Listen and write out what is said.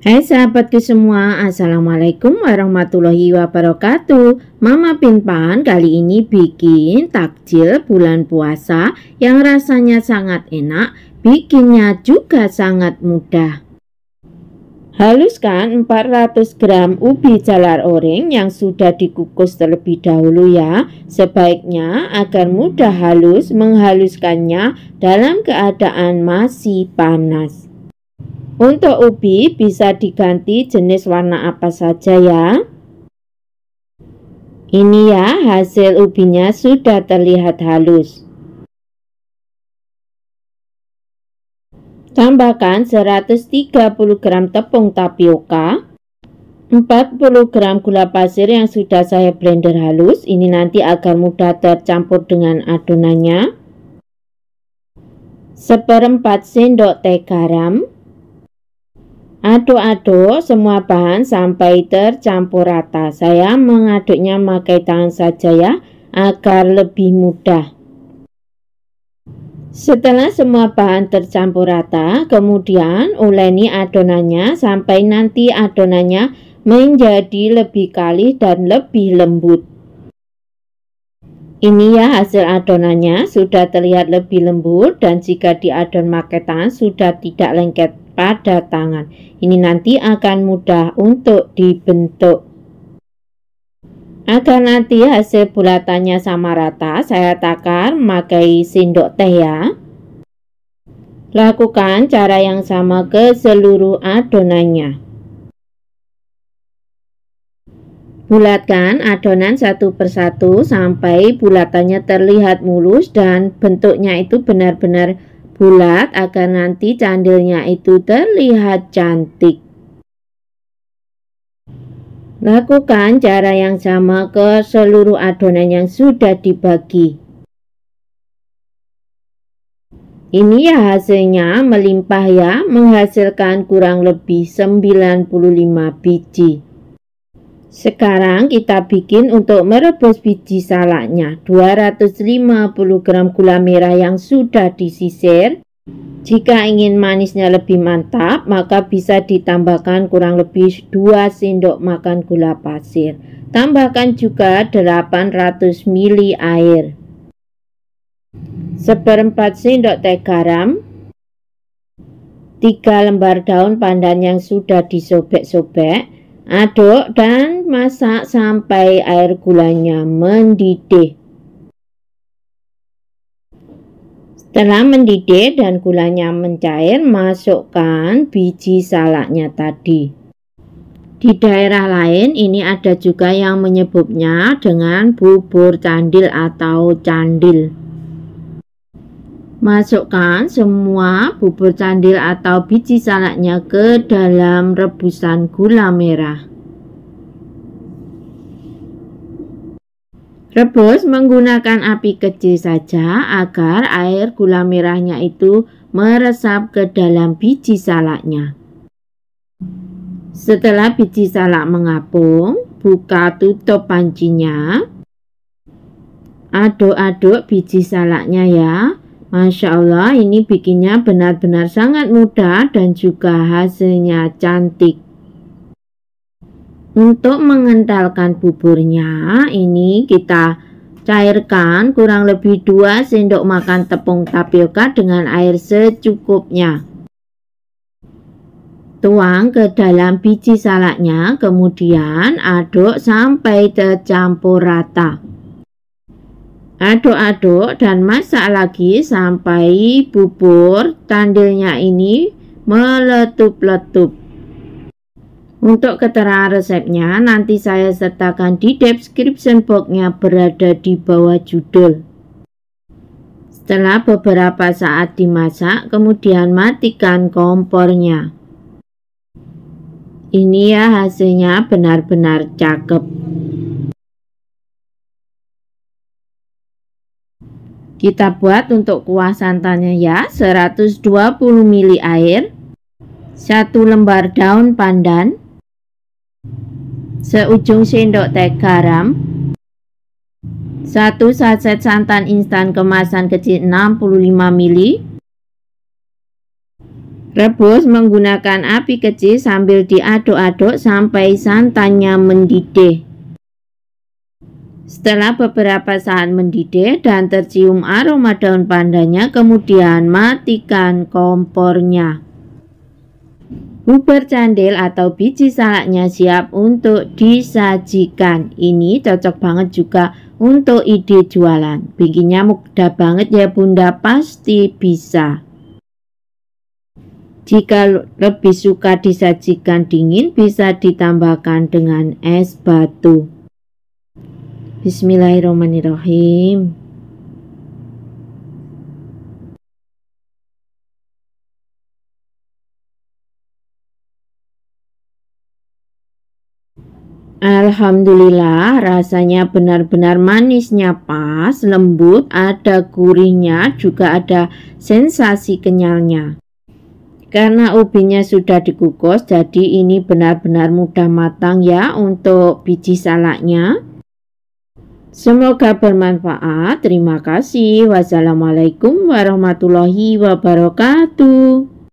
Hai sahabatku semua, Assalamualaikum warahmatullahi wabarakatuh Mama Pinpan kali ini bikin takjil bulan puasa yang rasanya sangat enak Bikinnya juga sangat mudah Haluskan 400 gram ubi jalar oreng yang sudah dikukus terlebih dahulu ya Sebaiknya agar mudah halus menghaluskannya dalam keadaan masih panas untuk ubi bisa diganti jenis warna apa saja ya. Ini ya hasil ubinya sudah terlihat halus. Tambahkan 130 gram tepung tapioka, 40 gram gula pasir yang sudah saya blender halus, ini nanti agar mudah tercampur dengan adonannya. Seperempat sendok teh garam, Aduk-aduk semua bahan sampai tercampur rata. Saya mengaduknya pakai tangan saja ya, agar lebih mudah. Setelah semua bahan tercampur rata, kemudian uleni adonannya sampai nanti adonannya menjadi lebih kalis dan lebih lembut. Ini ya hasil adonannya sudah terlihat lebih lembut dan jika diadon pakai tangan sudah tidak lengket pada tangan. Ini nanti akan mudah untuk dibentuk. Agar nanti hasil bulatannya sama rata, saya takar memakai sendok teh ya. Lakukan cara yang sama ke seluruh adonannya. Bulatkan adonan satu persatu sampai bulatannya terlihat mulus dan bentuknya itu benar-benar bulat agar nanti candilnya itu terlihat cantik. Lakukan cara yang sama ke seluruh adonan yang sudah dibagi. Ini ya hasilnya melimpah ya, menghasilkan kurang lebih 95 biji. Sekarang kita bikin untuk merebus biji salaknya 250 gram gula merah yang sudah disisir Jika ingin manisnya lebih mantap maka bisa ditambahkan kurang lebih 2 sendok makan gula pasir Tambahkan juga 800 ml air Seperempat sendok teh garam 3 lembar daun pandan yang sudah disobek-sobek Aduk dan masak sampai air gulanya mendidih. Setelah mendidih dan gulanya mencair, masukkan biji salaknya tadi. Di daerah lain ini ada juga yang menyebutnya dengan bubur candil atau candil. Masukkan semua bubur candil atau biji salaknya ke dalam rebusan gula merah. Rebus menggunakan api kecil saja agar air gula merahnya itu meresap ke dalam biji salaknya. Setelah biji salak mengapung, buka tutup pancinya. Aduk-aduk biji salaknya ya Masya Allah ini bikinnya benar-benar sangat mudah dan juga hasilnya cantik Untuk mengentalkan buburnya ini kita cairkan kurang lebih 2 sendok makan tepung tapioka dengan air secukupnya Tuang ke dalam biji salaknya kemudian aduk sampai tercampur rata aduk-aduk dan masak lagi sampai bubur tandilnya ini meletup-letup. Untuk keterangan resepnya nanti saya sertakan di description boxnya berada di bawah judul. Setelah beberapa saat dimasak, kemudian matikan kompornya. Ini ya hasilnya benar-benar cakep. Kita buat untuk kuah santannya ya, 120 ml air, 1 lembar daun pandan, seujung sendok teh garam, 1 saset santan instan kemasan kecil 65 ml, Rebus menggunakan api kecil sambil diaduk-aduk sampai santannya mendidih. Setelah beberapa saat mendidih dan tercium aroma daun pandannya, kemudian matikan kompornya. Bubur candil atau biji salaknya siap untuk disajikan. Ini cocok banget juga untuk ide jualan. Bikinnya mudah banget ya bunda, pasti bisa. Jika lebih suka disajikan dingin, bisa ditambahkan dengan es batu. Bismillahirrahmanirrahim. Alhamdulillah rasanya benar-benar manisnya pas, lembut, ada gurihnya, juga ada sensasi kenyalnya. Karena ubinya sudah dikukus, jadi ini benar-benar mudah matang ya untuk biji salaknya. Semoga bermanfaat. Terima kasih. Wassalamualaikum warahmatullahi wabarakatuh.